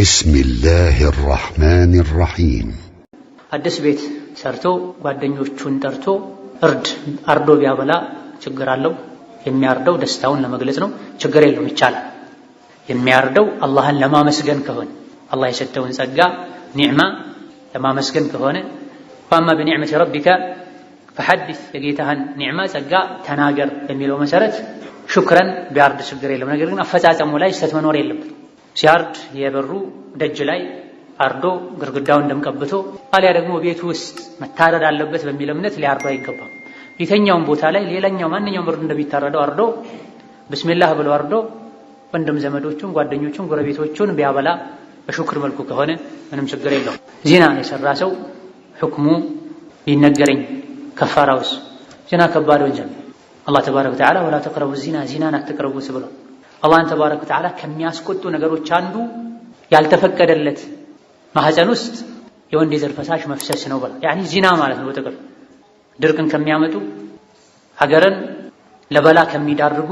بسم الله الرحمن الرحيم አዲስ ቤት ሰርቶ ጓደኞቹን ጠርቶ እርድ አርዶ ቢያበላ ችግር አለው? የሚያርደው ደስታውን ለመግለጽ ነው። ችግር የለውም፣ ይቻላል። የሚያርደው አላህን ለማመስገን ከሆነ አላህ የሰጠውን ጸጋ ኒዕማ ለማመስገን ከሆነ ዋማ በኒዕመቲ ረቢከ ፈሐዲስ የጌታህን ኒዕማ ጸጋ ተናገር በሚለው መሰረት ሹክረን ቢያርድ ችግር የለም። ነገር ግን አፈጻጸሙ ላይ ስህተት መኖር የለበት። ሲያርድ የበሩ ደጅ ላይ አርዶ ግርግዳውን እንደምቀብቶ አሊያ ደግሞ ቤቱ ውስጥ መታረድ አለበት በሚል እምነት ሊያርዶ አይገባም። የተኛውን ቦታ ላይ ሌላኛው ማንኛውም እርድ እንደሚታረደው አርዶ ብስሚላህ ብሎ አርዶ ወንድም ዘመዶቹን፣ ጓደኞቹን፣ ጎረቤቶቹን ቢያበላ በሹክር መልኩ ከሆነ ምንም ችግር የለውም። ዚና የሰራ ሰው ሕክሙ ቢነገረኝ ከፋራውስ ዚና ከባድ ወንጀል አላህ ተባረከ ወተዓላ ወላ ተቅረቡ ዚና ዚናን አትቅረቡት ብሏል። አላህን ተባረከ ወተዓላ ከሚያስቆጡ ነገሮች አንዱ ያልተፈቀደለት ማህፀን ውስጥ የወንድ የዘር ፈሳሽ መፍሰስ ነው ብላ ያኒ ዚና ማለት ነው። በጥቅል ድርቅን ከሚያመጡ ሀገርን ለበላ ከሚዳርጉ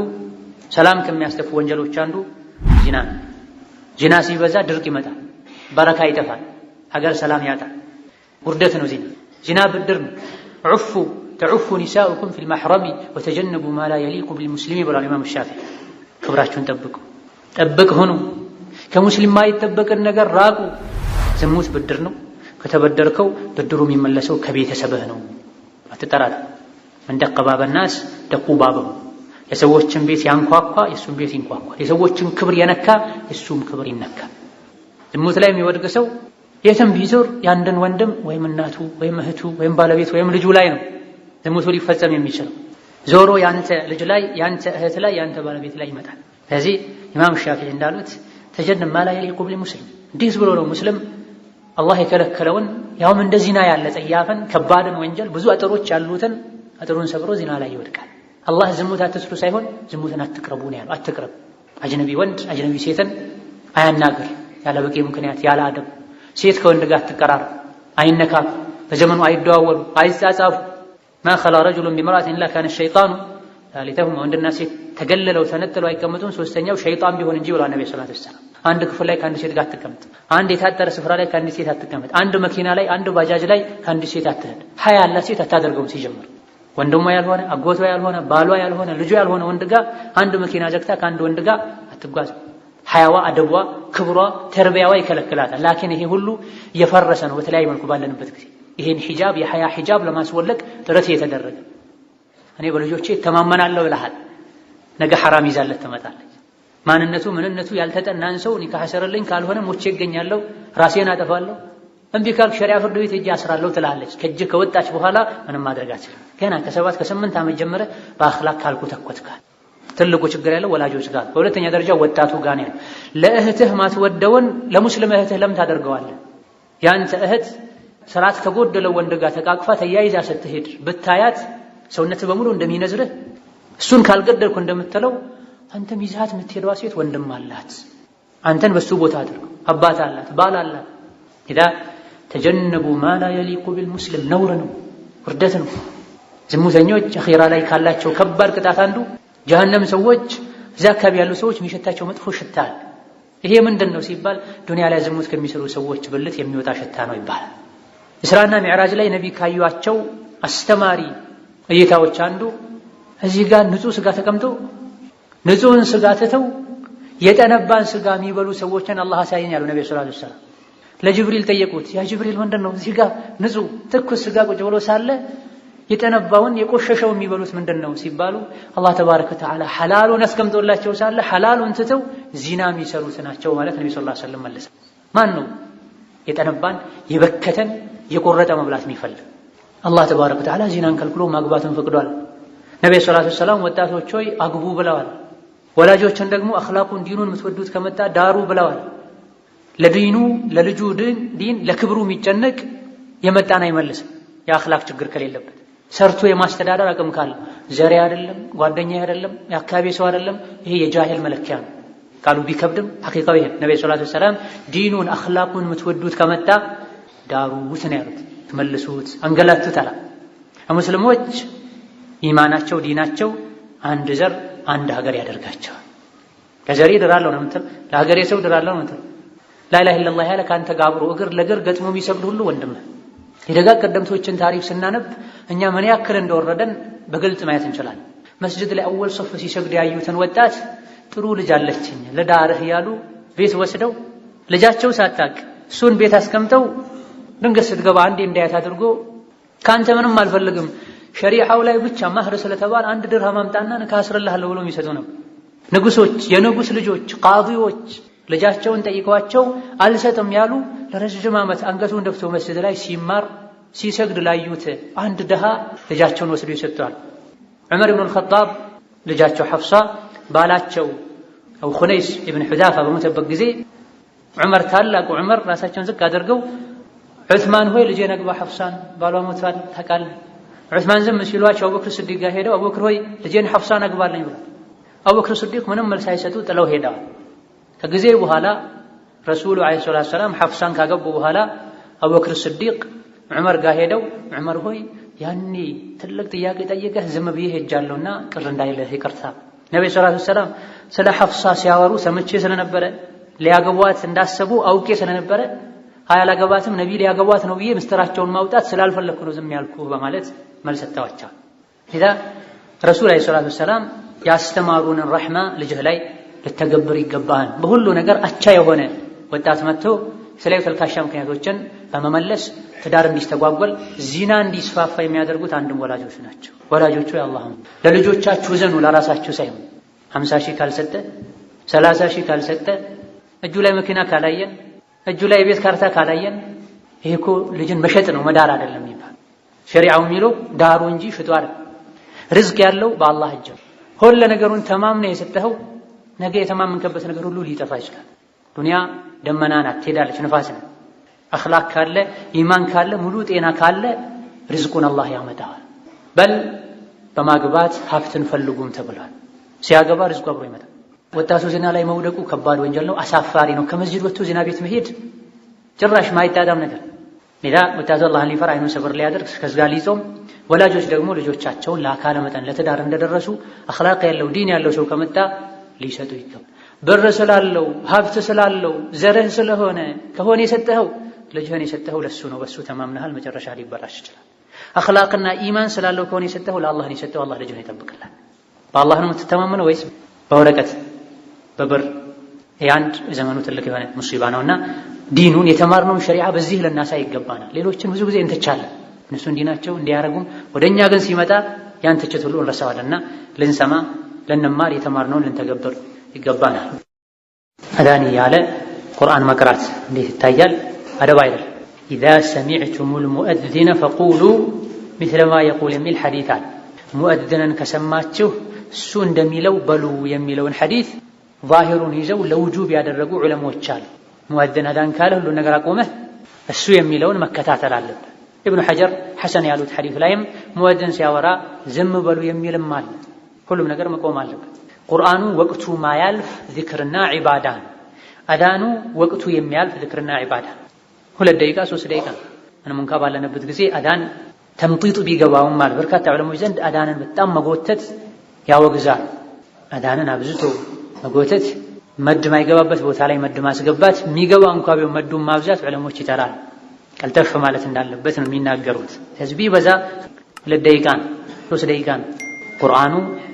ሰላም ከሚያስጠፉ ወንጀሎች አንዱ ዚና ነው። ዚና ሲበዛ ድርቅ ይመጣል፣ በረካ ይጠፋል፣ ሀገር ሰላም ያጣል። ውርደት ነው ዚና። ዚና ብድር ነው። ዑፉ ተዑፉ ኒሳኡኩም ፊል ማሕረሚ ወተጀነቡ ማ የሊቁ ቢልሙስሊሚ ብሏል ኢማም ሻፊዒ ክብራችሁን ጠብቁ፣ ጠብቅ ሁኑ። ከሙስሊም ማይጠበቅን ነገር ራቁ። ዝሙት ብድር ነው። ከተበደርከው ብድሩ የሚመለሰው ከቤተሰብህ ነው። አትጠራት። እንደ አቀባበ ናስ የሰዎችን ቤት ያንኳኳ የእሱም ቤት ይንኳኳል። የሰዎችን ክብር የነካ የእሱም ክብር ይነካል። ዝሙት ላይ የሚወድቅ ሰው የትም ቢዞር ያንድን ወንድም ወይም እናቱ ወይም እህቱ ወይም ባለቤት ወይም ልጁ ላይ ነው ዝሙቱ ሊፈጸም የሚችለው። ዞሮ ያንተ ልጅ ላይ ያንተ እህት ላይ ያንተ ባለቤት ላይ ይመጣል። ስለዚህ ኢማም ሻፊዒ እንዳሉት ተጀንም ማላ የሊቁ ብል ሙስሊም እንዲህ ብሎ ነው ሙስሊም አላህ የከለከለውን ያውም እንደ ዚና ያለ ጸያፍን ከባድን ወንጀል ብዙ አጥሮች ያሉትን አጥሩን ሰብሮ ዚና ላይ ይወድቃል። አላህ ዝሙት አትስሩ ሳይሆን ዝሙትን አትቅረቡ ነው ያለው። አትቅረብ፣ አጅነቢ ወንድ አጅነቢ ሴትን አያናግር ያለ በቂ ምክንያት፣ ያለ አደብ፣ ሴት ከወንድ ጋር አትቀራረብ፣ አይነካፍ፣ በዘመኑ አይደዋወሉ፣ አይጻጻፉ ማ ኸላ ረጁሉን ቢምርአትን ኢላ ካነ ሸይጣኑ ታሊተሁማ ወንድና ሴት ተገለለው ተነጥለው አይቀመጡም ሶስተኛው ሸይጣን ቢሆን እንጂ ብሏል ነቢ ሰለላሁ አንድ ክፍል ላይ ከአንድ ሴት ጋር አትቀመጥ። አንድ የታጠረ ስፍራ ላይ ከአንድ ሴት አትቀመጥ። አንድ መኪና ላይ፣ አንድ ባጃጅ ላይ ከአንድ ሴት አትሄድ። ሀያ ያላት ሴት አታደርገውም ሲጀምር ወንድሟ ያልሆነ አጎቷ ያልሆነ ባሏ ያልሆነ ልጇ ያልሆነ ወንድ ጋር አንድ መኪና ዘግታ ከአንድ ወንድ ጋር አትጓዝ። ሀያዋ፣ አደቧ፣ ክብሯ፣ ተርቢያዋ ይከለክላታል። ላኪን ይሄ ሁሉ የፈረሰ ነው በተለያየ መልኩ ባለንበት ጊዜ ይህን ሂጃብ የሀያ ሂጃብ ለማስወለቅ ጥረት እየተደረገ እኔ በልጆቼ ተማመናለሁ ይልሃል። ነገ ሐራም ይዛለት ትመጣለች። ማንነቱ ምንነቱ ያልተጠናን ሰው ኒካህ አሰረልኝ ካልሆነ ሞቼ ይገኛለሁ፣ ራሴን አጠፋለሁ፣ እምቢ ካልክ ሸሪያ ፍርድ ቤት እጅ አስራለሁ ትላለች። ከእጅ ከወጣች በኋላ ምንም ማድረግ አትችልም። ገና ከሰባት ከስምንት ዓመት ጀምረ በአኽላቅ ካልኩ ተኮትካል። ትልቁ ችግር ያለው ወላጆች ጋር፣ በሁለተኛ ደረጃ ወጣቱ ጋር ነው። ለእህትህ ማትወደውን ለሙስሊም እህትህ ለምን ታደርገዋለህ? ያንተ እህት ስርዓት ከጎደለው ወንድ ጋር ተቃቅፋ ተያይዛ ስትሄድ ብታያት ሰውነት በሙሉ እንደሚነዝርህ እሱን ካልገደልኩ እንደምትለው አንተም ይዛት የምትሄደዋ ሴት ወንድም አላት። አንተን በሱ ቦታ አድርገው። አባት አላት፣ ባል አላት። ኢዳ ተጀነቡ ማላ የሊቁ ቢልሙስሊም ነውር ነው፣ ውርደት ነው። ዝሙተኞች አኺራ ላይ ካላቸው ከባድ ቅጣት አንዱ ጀሀነም ሰዎች እዛ አካባቢ ያሉ ሰዎች የሚሸታቸው መጥፎ ሽታ አለ። ይሄ ምንድን ነው ሲባል ዱንያ ላይ ዝሙት ከሚሰሩ ሰዎች ብልት የሚወጣ ሽታ ነው ይባላል። እስራና ሚዕራጅ ላይ ነቢ ካዩቸው አስተማሪ እይታዎች አንዱ እዚህ ጋር ንጹህ ስጋ ተቀምጦ ንጹህን ስጋ ትተው የጠነባን ስጋ የሚበሉ ሰዎችን አላህ አሳየን ያሉ ነቢ ሰለላሁ ዐለይሂ ወሰለም ለጅብሪል ጠየቁት። ያ ጅብሪል ምንድን ነው እዚህ ጋር ንጹህ ትኩስ ስጋ ቁጭ ብሎ ሳለ የጠነባውን የቆሸሸው የሚበሉት ምንድን ነው ሲባሉ አላህ ተባረከ ወተዓላ ሐላሉን አስቀምጦላቸው ሳለ ሐላሉን ትተው ዚና የሚሰሩት ናቸው ማለት ነቢ ሰለላሁ ዐለይሂ ወሰለም መለሰ። ማን ነው የጠነባን የበከተን የቆረጠ መብላት የሚፈልግ አላህ ተባረከ ወተዓላ ዚናን ከልክሎ ማግባትን ፈቅዷል። ነቢ ሰላቱ ሰላም ወጣቶች ሆይ አግቡ ብለዋል። ወላጆችን ደግሞ አኽላቁን ዲኑን የምትወዱት ከመጣ ዳሩ ብለዋል። ለዲኑ ለልጁ ዲን ለክብሩ የሚጨነቅ የመጣን አይመልስም። የአኽላቅ ችግር ከሌለበት ሰርቶ የማስተዳደር አቅም ካለ ዘሬ አይደለም፣ ጓደኛ አይደለም፣ የአካባቢ ሰው አይደለም። ይሄ የጃሂል መለኪያ ነው። ቃሉ ቢከብድም ሐቂቃው ይሄ ነቢ ሰላቱ ሰላም ዲኑን አኽላቁን የምትወዱት ከመጣ ዳሩት ነው ያሉት። መልሱት፣ አንገላቱ አላ ሙስሊሞች ኢማናቸው ዲናቸው አንድ ዘር አንድ ሀገር ያደርጋቸዋል። ለዘሬ ድራለሁ ነው የምትል፣ ለሀገሬ ሰው ድራለሁ ነው የምትል። ላኢላሀ ኢለላህ ያለ ከአንተ ጋር አብሮ እግር ለእግር ገጥሞ የሚሰግድ ሁሉ ወንድም። የደጋ ቀደምቶችን ታሪክ ስናነብ እኛ ምን ያክል እንደወረደን በግልጽ ማየት እንችላለን። መስጅድ ላይ አወል ሶፍ ሲሰግድ ያዩትን ወጣት ጥሩ ልጅ አለችኝ ለዳር እያሉ ቤት ወስደው ልጃቸው ሳታቅ እሱን ቤት አስቀምጠው ድንገት ስትገባ አንዴ እንዳያት አድርጎ ከአንተ ምንም አልፈልግም ሸሪዓው ላይ ብቻ ማህር ስለተባል አንድ ድርሃ ማምጣና ንካስርልሃለሁ ብሎ የሚሰጡ ነው። ንጉሶች፣ የንጉስ ልጆች፣ ቃዲዎች ልጃቸውን ጠይቀዋቸው አልሰጥም ያሉ ለረዥም ዓመት አንገቱን ደፍቶ መስጅድ ላይ ሲማር ሲሰግድ ላዩት አንድ ድሃ ልጃቸውን ወስዶ ይሰጥተዋል። ዑመር ኢብኑ አልኸጣብ ልጃቸው ሐፍሳ ባላቸው አቡ ኹነይስ ኢብን ሑዛፋ በሞተበት ጊዜ ዑመር ታላቁ ዑመር ራሳቸውን ዝቅ አድርገው ዑስማን ሆይ ልጄ ነግባ ሐፍሳን ባሏ ሞቷል ታውቃለህ። ዑስማን ዝም ሲሏቸው አቡበክር ስዲቅ ጋር ሄደው አቡበክር ሆይ ልጄን ሐፍሳ ነግባለኝ ብሏል። አቡበክር ስዲቅ ምንም መልስ ሳይሰጡ ጥለው ሄደዋል። ከጊዜ በኋላ ረሱሉ ዓለይሂ ሰላቱ ወሰላም ሐፍሳን ካገቡ በኋላ አቡበክር ስዲቅ ዑመር ጋር ሄደው ዑመር ሆይ ያኔ ትልቅ ጥያቄ ጠይቀህ ዝም ብዬ ሄጃለሁና ቅር እንዳይልህ ይቅርታ። ነቢ ሰላቱ ወሰላም ስለ ሐፍሳ ሲያወሩ ሰምቼ ስለነበረ ሊያገቧት እንዳሰቡ አውቄ ስለነበረ ሀያ አላገባትም ነቢ ሊያገቧት ነው ብዬ ምስጢራቸውን ማውጣት ስላልፈለግኩ ነው ዝም ያልኩ በማለት መልስ ሰጥተዋቸዋል። ዛ ረሱል ዓለይሂ ሰላቱ ወሰላም ያስተማሩንን ረሕማ ልጅህ ላይ ልተገብር ይገባሃል። በሁሉ ነገር አቻ የሆነ ወጣት መጥቶ የተለያዩ ተልካሻ ምክንያቶችን በመመለስ ትዳር እንዲስተጓጎል ዚና እንዲስፋፋ የሚያደርጉት አንድም ወላጆች ናቸው። ወላጆቹ ያላህ ለልጆቻችሁ ዘኑ፣ ለራሳችሁ ሳይሆን ሀምሳ ሺህ ካልሰጠ ሰላሳ ሺህ ካልሰጠ እጁ ላይ መኪና ካላየን እጁ ላይ የቤት ካርታ ካላየን ይሄ እኮ ልጅን መሸጥ ነው መዳር አይደለም ይባል። ሸሪዓው የሚለው ዳሩ እንጂ ሽጡ አይደለም። ርዝቅ ያለው በአላህ እጅ። ሁሉ ነገሩን ተማምነ የሰጠኸው ነገ የተማመንከበት ነገር ሁሉ ሊጠፋ ይችላል። ዱንያ ደመና ናት፣ ትሄዳለች፣ ንፋስ ናት። አኽላቅ ካለ ኢማን ካለ ሙሉ ጤና ካለ ርዝቁን አላህ ያመጣዋል። በል በማግባት ሀብትን ፈልጉም ተብሏል። ሲያገባ ርዝቁ አብሮ ይመጣል። ወጣቱ ዜና ላይ መውደቁ ከባድ ወንጀል ነው፣ አሳፋሪ ነው። ከመስጂድ ወጥቶ ዜና ቤት መሄድ ጭራሽ ማይጣጣም ነገር። ሌላ ወጣቱ አላህን ሊፈራ አይኑን ሰብር ሊያደርግ ከዛ ሊጾም፣ ወላጆች ደግሞ ልጆቻቸውን ለአካለ መጠን ለትዳር እንደደረሱ አኽላቅ ያለው ዲን ያለው ሰው ከመጣ ሊሰጡ ይገባል። ብር ስላለው ሀብት ስላለው ዘርህ ስለሆነ ከሆነ የሰጠኸው ልጅህን የሰጠኸው ለሱ ነው፣ በሱ ተማምነሃል፣ መጨረሻ ሊበላሽ ይችላል። አኽላቅና ኢማን ስላለው ከሆነ የሰጠኸው ለአላህ ነው የሰጠኸው፣ አላህ ልጅህን ይጠብቅላል። በአላህ ነው የምትተማመነው ወይስ በወረቀት በብር የአንድ ዘመኑ ትልቅ የሆነ ሙሲባ ነውና ዲኑን የተማርነውን ሸሪዓ በዚህ ልናሳይ ይገባናል። ሌሎችን ብዙ ጊዜ እንተቻለን። እነሱ እንዲናቸው እንዲያረጉም ወደኛ እኛ ግን ሲመጣ ያን ትችት ሁሉ እንረሳዋለንና ልንሰማ ልንማር የተማርነውን ልንተገብር ይገባናል። አዳኒ ያለ ቁርአን መቅራት እንዴት ይታያል? አደብ አይደል? ኢዛ ሰሚዕቱሙል ሙአዚነ ፈቁሉ ሚስለ ማ የቁል የሚል ሐዲት አለ። ሙአዚነን ከሰማችሁ እሱ እንደሚለው በሉ የሚለውን ሐዲት ዛሂሩን ይዘው ለውጁብ ያደረጉ ዑለሞች አሉ። ሙአዝን አዳን ካለ ሁሉን ነገር አቆመ እሱ የሚለውን መከታተል አለበት ኢብኑ ሐጀር ሐሰን ያሉት ሐዲፍ ላይም ሙአዝን ሲያወራ ዝም በሉ የሚልም አለ። ሁሉም ነገር መቆም አለበት። ቁርአኑ ወቅቱ ማያልፍ ዚክርና ዒባዳ ነው። አዳኑ ወቅቱ የሚያልፍ ዚክርና ዒባዳ ሁለት ደቂቃ ሶስት ደቂቃ እነ ሙንካ ባለነበት ጊዜ አዳን ተምጢጡ ቢገባውም ማለት በርካታ ዑለሞች ዘንድ አዳንን በጣም መጎተት ያወግዛል። አዳንን አብዝቶ መጎተት መድ ማይገባበት ቦታ ላይ መድ ማስገባት፣ የሚገባ እንኳ ቢሆን መዱን ማብዛት ዕለሞች ይጠራል። ቀልጠፍ ማለት እንዳለበት ነው የሚናገሩት። ህዝቢ በዛ ሁለት ደቂቃ ሶስት ደቂቃ ቁርአኑ፣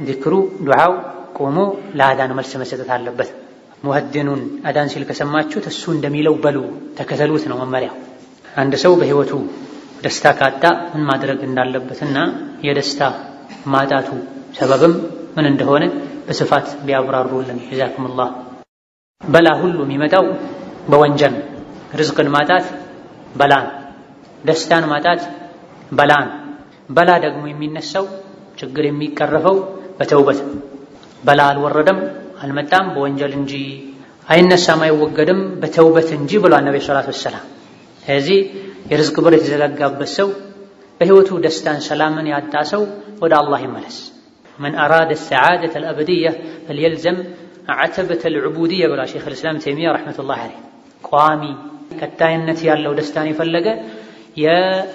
ዚክሩ፣ ዱዓው ቆሞ ለአዳን መልስ መሰጠት አለበት። ሙሀድኑን አዳን ሲል ከሰማችሁት እሱ እንደሚለው በሉ ተከተሉት ነው መመሪያው። አንድ ሰው በህይወቱ ደስታ ካጣ ምን ማድረግ እንዳለበትና የደስታ ማጣቱ ሰበብም ምን እንደሆነ በስፋት ቢያብራሩልን ጀዛኩሙላህ። በላ ሁሉ የሚመጣው በወንጀል ርዝቅን ማጣት በላን፣ ደስታን ማጣት በላን። በላ ደግሞ የሚነሳው ችግር የሚቀረፈው በተውበት በላ አልወረደም አልመጣም በወንጀል እንጂ አይነሳም አይወገድም በተውበት እንጂ ብሏል ነቢ ሰላት ወሰላም። ስለዚህ የርዝቅ በር የተዘጋጋበት ሰው በህይወቱ ደስታን ሰላምን ያጣ ሰው ወደ አላህ ይመለስ። من أراد السعادة الأبدية فليلزم عتبة العبودية بلا شيخ الإسلام تيمية رحمة الله عليه قوامي يا يالو دستاني فلقة يا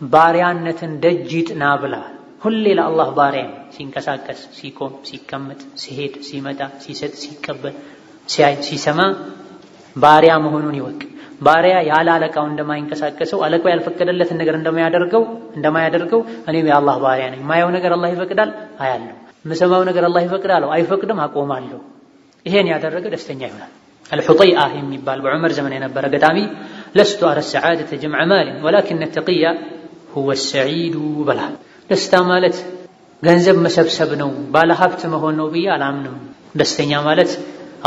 باريانة دجيت نابلا كل إلى الله بارين سينكساكس سيكون سيكمت سيهيت سيمتا سيست سيكب سيسما باريان مهنون يوك ባሪያ ያለ አለቃው እንደማይንቀሳቀሰው አለቃው ያልፈቀደለትን ነገር እንደማያደርገው እንደማያደርገው እኔም የአላህ ባሪያ ነኝ። ማየው ነገር አላህ ይፈቅዳል፣ አያለሁ። የምሰማው ነገር አላህ ይፈቅዳል፣ አይፈቅድም፣ አቆማለሁ። ይሄን ያደረገ ደስተኛ ይሆናል። አልሑጠይአ የሚባል በዑመር ዘመን የነበረ ገጣሚ ለስቱ አለ ሰዓደተ ጀምዐ ማልን ወላኪነ ተቅያ ሁወ ሰዒዱ በላል። ደስታ ማለት ገንዘብ መሰብሰብ ነው ባለሀብት መሆን ነው ብዬ አላምንም። ደስተኛ ማለት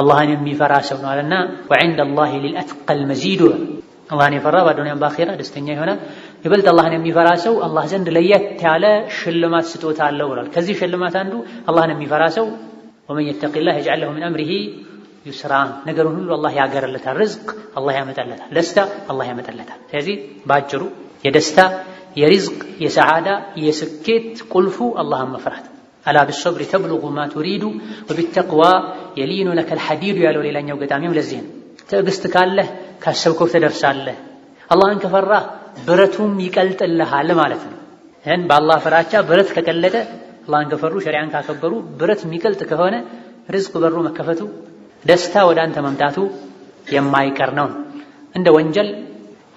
አላህን የሚፈራ ሰው ነው አለና ወዕንደ አላሂ ሊልአትቀል መዚዱ አላህን የፈራ በአዱንያም በአኼራ ደስተኛ ይሆናል። ይበልጥ አላህን የሚፈራ ሰው አላህ ዘንድ ለየት ያለ ሽልማት ስጦታ አለው ብሏል። ከዚህ ሽልማት አንዱ አላህን የሚፈራ ሰው ወመን የተቂላህ የጅዐል ለሁ ሚን አምሪሂ ዩስራ ነገሩን ሁሉ አላህ ያገርለታል። ርዝቅ አላህ ያመጣለታል። ደስታ አላህ ያመጣለታል። ስለዚህ በአጭሩ የደስታ የሪዝቅ የሰዓዳ የስኬት ቁልፉ አላህን መፍራት አላ ብሶብሪ ተብሉጉ ማ ቱሪዱ ወቢተቅዋ የሊኑ ለከል ሐዲዱ ያለው ሌላኛው ገጣሚም ለዚህ ነው። ትዕግስት ካለህ ካሰብከው ትደርሳለህ። አላህን ከፈራህ ብረቱም ይቀልጥልሃል ማለት ነው። ይህን በአላህ ፍራቻ ብረት ከቀለጠ አላህን ከፈሩ ሸሪያን ካከበሩ ብረት የሚቀልጥ ከሆነ ርዝቅ በሩ መከፈቱ ደስታ ወደ አንተ መምጣቱ የማይቀር ነው። እንደ ወንጀል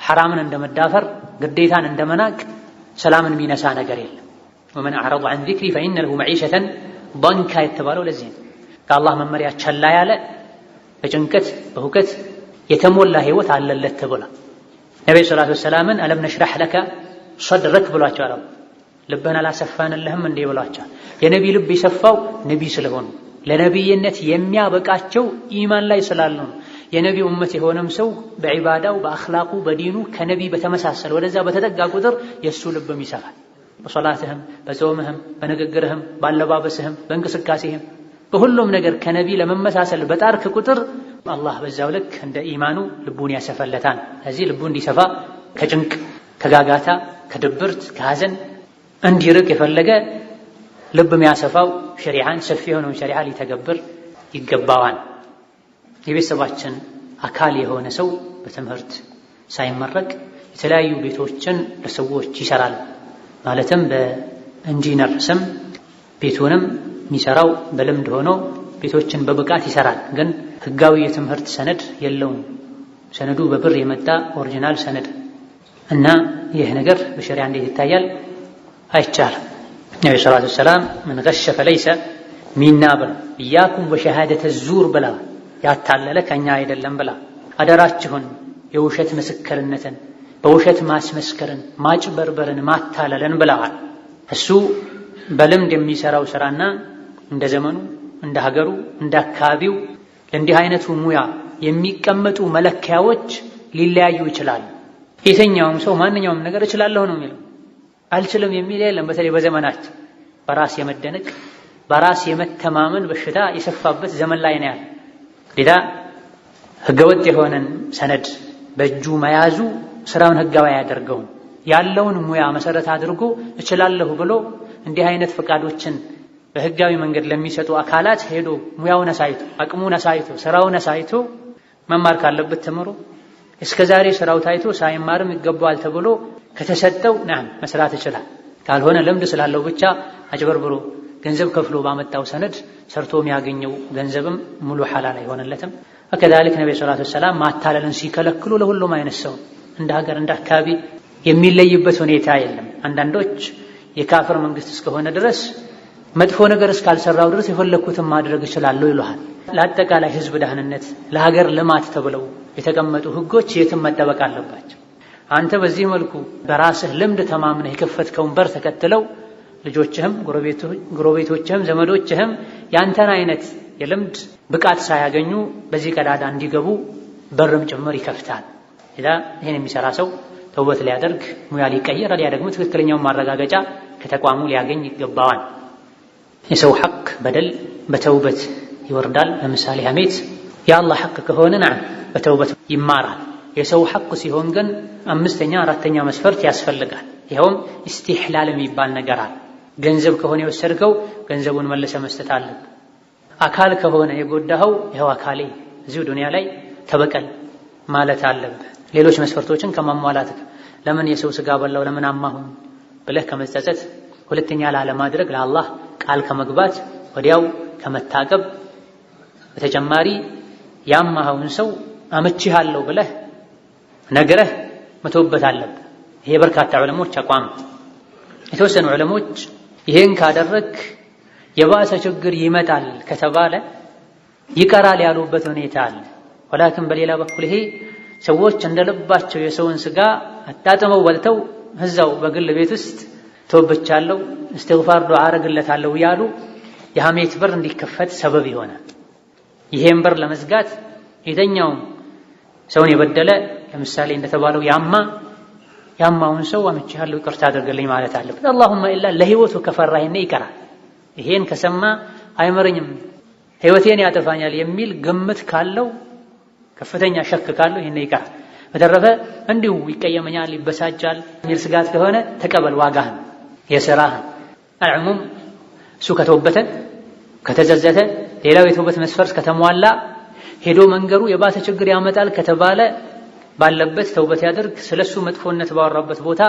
ሐራምን እንደመዳፈር ግዴታን እንደመናቅ ሰላምን የሚነሳ ነገር የለም። ወመን አዕረض ዐን ዚክሪ ፈኢነ ለሁ መዒሸተን ዶንካ የተባለው ለዚህ ነው። ከአላህ መመሪያ ቸላ ያለ በጭንቀት በሁከት የተሞላ ህይወት አለለት ተብሏል። ነቢዩ ሰላቱ ወሰላምን አለም ነሽራህ ለከ ሶድረክ ብሏቸዋል። ልብህን አላሰፋንልህም እንዴ ብሏቸዋል። የነቢይ ልብ የሰፋው ነቢይ ስለሆኑ ለነቢይነት የሚያበቃቸው ኢማን ላይ ስላሉ ነው። የነቢዩ እመት የሆነም ሰው በዒባዳው፣ በአኽላቁ፣ በዲኑ ከነቢ በተመሳሰለ ወደዛ በተጠጋ ቁጥር የእሱ ልብም ይሰፋል። በሶላትህም በጾምህም በንግግርህም ባለባበስህም በእንቅስቃሴህም በሁሉም ነገር ከነቢ ለመመሳሰል በጣርክ ቁጥር አላህ በዛው ልክ እንደ ኢማኑ ልቡን ያሰፈለታል። ለዚህ ልቡ እንዲሰፋ ከጭንቅ ከጋጋታ ከድብርት ከሐዘን እንዲርቅ የፈለገ ልብ የሚያሰፋው ሸሪዓን ሰፊ የሆነውን ሸሪዓ ሊተገብር ይገባዋል። የቤተሰባችን አካል የሆነ ሰው በትምህርት ሳይመረቅ የተለያዩ ቤቶችን ለሰዎች ይሰራል። ማለትም በኢንጂነር ስም ቤቱንም የሚሰራው በልምድ ሆኖ ቤቶችን በብቃት ይሰራል፣ ግን ህጋዊ የትምህርት ሰነድ የለውም። ሰነዱ በብር የመጣ ኦሪጂናል ሰነድ እና ይህ ነገር በሸሪያ እንዴት ይታያል? አይቻልም። ነቢ ሰላቱ ሰላም ምን ገሸ ፈለይሰ ሚና ብላ እያኩም ወሸሃደተ ዙር ብላ ያታለለ ከኛ አይደለም ብላ አደራችሁን የውሸት ምስክርነትን በውሸት ማስመስከርን፣ ማጭበርበርን፣ ማታለልን ብለዋል። እሱ በልምድ የሚሰራው ስራና እንደ ዘመኑ፣ እንደ ሀገሩ፣ እንደ አካባቢው ለእንዲህ አይነቱ ሙያ የሚቀመጡ መለኪያዎች ሊለያዩ ይችላሉ። የትኛውም ሰው ማንኛውም ነገር እችላለሁ ነው የሚለው። አልችልም የሚል የለም። በተለይ በዘመናችን በራስ የመደነቅ በራስ የመተማመን በሽታ የሰፋበት ዘመን ላይ ነው ያለ። ግዴታ ህገወጥ የሆነን ሰነድ በእጁ መያዙ ስራውን ህጋዊ አያደርገውም። ያለውን ሙያ መሰረት አድርጎ እችላለሁ ብሎ እንዲህ አይነት ፈቃዶችን በህጋዊ መንገድ ለሚሰጡ አካላት ሄዶ ሙያውን አሳይቶ አቅሙን አሳይቶ ስራውን አሳይቶ መማር ካለበት ተምሮ እስከ ዛሬ ስራው ታይቶ ሳይማርም ይገባዋል ተብሎ ከተሰጠው ናም መስራት ይችላል። ካልሆነ ልምድ ስላለው ብቻ አጭበርብሮ ገንዘብ ከፍሎ ባመጣው ሰነድ ሰርቶ የሚያገኘው ገንዘብም ሙሉ ሐላል አይሆንለትም። ከዛልክ ነቢ ሰላቱ ሰላም ማታለልን ሲከለክሉ ለሁሉም አይነት ሰው እንደ ሀገር እንደ አካባቢ የሚለይበት ሁኔታ የለም። አንዳንዶች የካፍር መንግስት እስከሆነ ድረስ መጥፎ ነገር እስካልሰራው ድረስ የፈለግኩትን ማድረግ እችላለሁ ይሏል። ለአጠቃላይ ህዝብ ደህንነት፣ ለሀገር ልማት ተብለው የተቀመጡ ህጎች የትም መጠበቅ አለባቸው። አንተ በዚህ መልኩ በራስህ ልምድ ተማምነህ የከፈትከውን በር ተከትለው ልጆችህም፣ ጎረቤቶችህም፣ ዘመዶችህም ያንተን አይነት የልምድ ብቃት ሳያገኙ በዚህ ቀዳዳ እንዲገቡ በርም ጭምር ይከፍታል። ሌላ ይህን የሚሰራ ሰው ተውበት ሊያደርግ ሙያ ሊቀየር አሊያ ደግሞ ትክክለኛውን ማረጋገጫ ከተቋሙ ሊያገኝ ይገባዋል። የሰው ሐቅ በደል በተውበት ይወርዳል። ለምሳሌ ሐሜት የአላህ ሐቅ ከሆነ ና በተውበት ይማራል። የሰው ሐቅ ሲሆን ግን አምስተኛ አራተኛ መስፈርት ያስፈልጋል። ይኸውም ኢስቲሕላል የሚባል ነገር አለ። ገንዘብ ከሆነ የወሰድከው ገንዘቡን መልሰ መስጠት አለብ። አካል ከሆነ የጎዳኸው ይኸው አካሌ እዚሁ ዱንያ ላይ ተበቀል ማለት አለብህ። ሌሎች መስፈርቶችን ከማሟላት ለምን የሰው ስጋ በላው ለምን አማሁን ብለህ ከመጸጸት፣ ሁለተኛ ላለማድረግ ለአላህ ቃል ከመግባት ወዲያው ከመታቀብ በተጨማሪ ያማኸውን ሰው አመችሃለሁ ብለህ ነግረህ መተውበት አለብህ። ይሄ በርካታ ዑለሞች አቋም። የተወሰኑ ዑለሞች ይሄን ካደረግ የባሰ ችግር ይመጣል ከተባለ ይቀራል ያሉበት ሁኔታ አለ። ወላኪን በሌላ በኩል ይሄ ሰዎች እንደ ልባቸው የሰውን ስጋ አጣጥመው በልተው እዛው በግል ቤት ውስጥ ተወብቻለሁ፣ እስትግፋር ዱዓ አረግለታለሁ እያሉ የሐሜት በር እንዲከፈት ሰበብ ይሆናል። ይሄን በር ለመዝጋት የተኛውም ሰውን የበደለ ለምሳሌ እንደተባለው ያማ ያማውን ሰው አመቻለሁ ይቅርታ አድርግልኝ ማለት አለበት። አላሁማ ኢላ ለህይወቱ ከፈራ ይሄኔ ይቀራል። ይሄን ከሰማ አይመረኝም ህይወቴን ያጠፋኛል የሚል ግምት ካለው ከፍተኛ ሸክ ካለው ይሄን ይቅር። በተረፈ እንዲሁ ይቀየመኛል፣ ይበሳጫል የሚል ስጋት ከሆነ ተቀበል ዋጋህን፣ የስራህን። አልዕሙም እሱ ከተወበተ ከተዘዘተ፣ ሌላው የተውበት መስፈርት ከተሟላ ሄዶ መንገሩ የባሰ ችግር ያመጣል ከተባለ ባለበት ተውበት ያደርግ። ስለሱ መጥፎነት ባወራበት ቦታ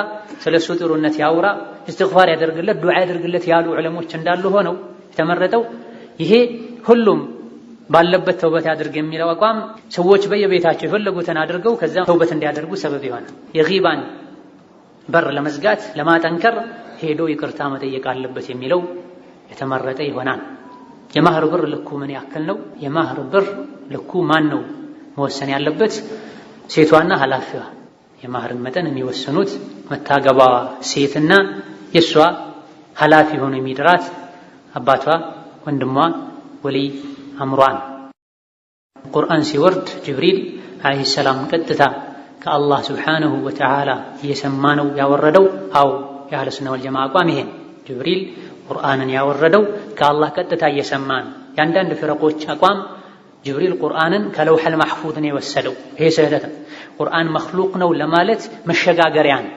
ስለሱ ጥሩነት ያውራ፣ እስትግፋር ያደርግለት፣ ዱዓ ያደርግለት ያሉ ዕለሞች እንዳሉ ሆነው የተመረጠው ይሄ ሁሉም ባለበት ተውበት ያድርግ የሚለው አቋም ሰዎች በየቤታቸው የፈለጉትን አድርገው ከዛ ተውበት እንዲያደርጉ ሰበብ ይሆናል። የጊባን በር ለመዝጋት ለማጠንከር ሄዶ ይቅርታ መጠየቅ አለበት የሚለው የተመረጠ ይሆናል። የማህር ብር ልኩ ምን ያክል ነው? የማህር ብር ልኩ ማን ነው መወሰን ያለበት? ሴቷና ኃላፊዋ። የማህርን መጠን የሚወስኑት መታገባ ሴትና የእሷ ኃላፊ ሆኖ የሚድራት አባቷ፣ ወንድሟ፣ ወልይ አምሯን። ቁርአን ሲወርድ ጅብሪል ዓለይሂ ሰላም ቀጥታ ከአላህ ስብሓንሁ ወተዓላ እየሰማ ነው ያወረደው። አዎ የአህለ ሱና ወልጀማ አቋም ይሄን። ጅብሪል ቁርአንን ያወረደው ከአላህ ቀጥታ እየሰማ ነው። የአንዳንድ ፍረቆች አቋም ጅብሪል ቁርአንን ከለውሐል ማሕፉዝ ነው የወሰደው። ይሄ ስህተት ነው። ቁርአን መክሉቅ ነው ለማለት መሸጋገሪያ ነው።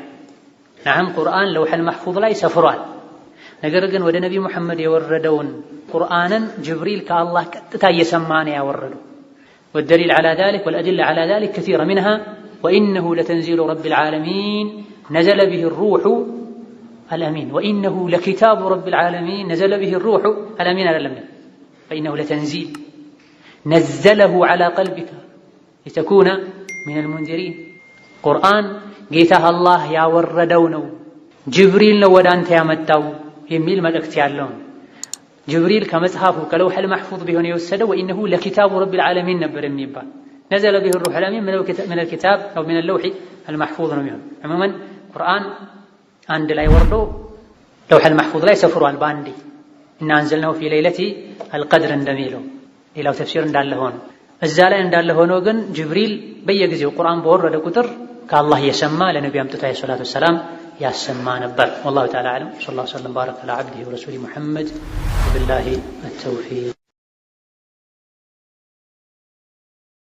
ናም ቁርአን ለውሐል ማሕፉዝ ላይ ሰፍሯል። ነገር ግን ወደ ነቢ ሙሐመድ የወረደውን ቁርአንን ጅብሪል ከአላህ ቀጥታ እየሰማ ነው ያወረደው። ወደሊል ዐላ ዛሊክ ወልአድላ ዐላ ዛሊክ ከሢራ ሚንሃ ወኢነሁ ለተንዚሉ ረቢል ዓለሚን ነዘለ ቢሂ ሩሑ አልአሚን ወኢነሁ ለኪታቡ ረቢል ዓለሚን ነዘለ ቢሂ ሩሑ አልአሚን አይደለም። ወኢነሁ ለተንዚል ነዘለሁ ዐላ ቀልቢካ ሊተኩነ ሚነል ሙንዚሪን ቁርአን ጌታህ አላህ ያወረደው ነው። ጅብሪል ነው ወደ አንተ ያመጣው። የሚል መልእክት ያለው ጅብሪል ከመጽሐፉ ከለውሐል መሕፉዝ ቢሆን የወሰደው ወኢነሁ ለኪታቡ ረቢል ዓለሚን ነበር የሚባል ነዘለ ቢሂ ሩሑል አሚን ሚነል ኪታብ አው ሚነል ለውሒ አልመሕፉዝ ነው የሚሆን። ዑሙመን ቁርአን አንድ ላይ ወርዶ ለውሐል መሕፉዝ ላይ ሰፍሯል በአንዴ እና አንዘልናሁ ፊ ለይለቲ አልቀድር እንደሚለው ሌላው ተፍሲር እንዳለ ሆኖ እዛ ላይ እንዳለ ሆኖ ግን ጅብሪል በየጊዜው ቁርአን በወረደ ቁጥር ከአላህ የሰማ ለነቢ አምጥቶ ሰላቱ ወሰላም ياسم نبر والله تعالى أعلم صلى الله وسلم بارك على عبده ورسوله محمد وبالله التوفيق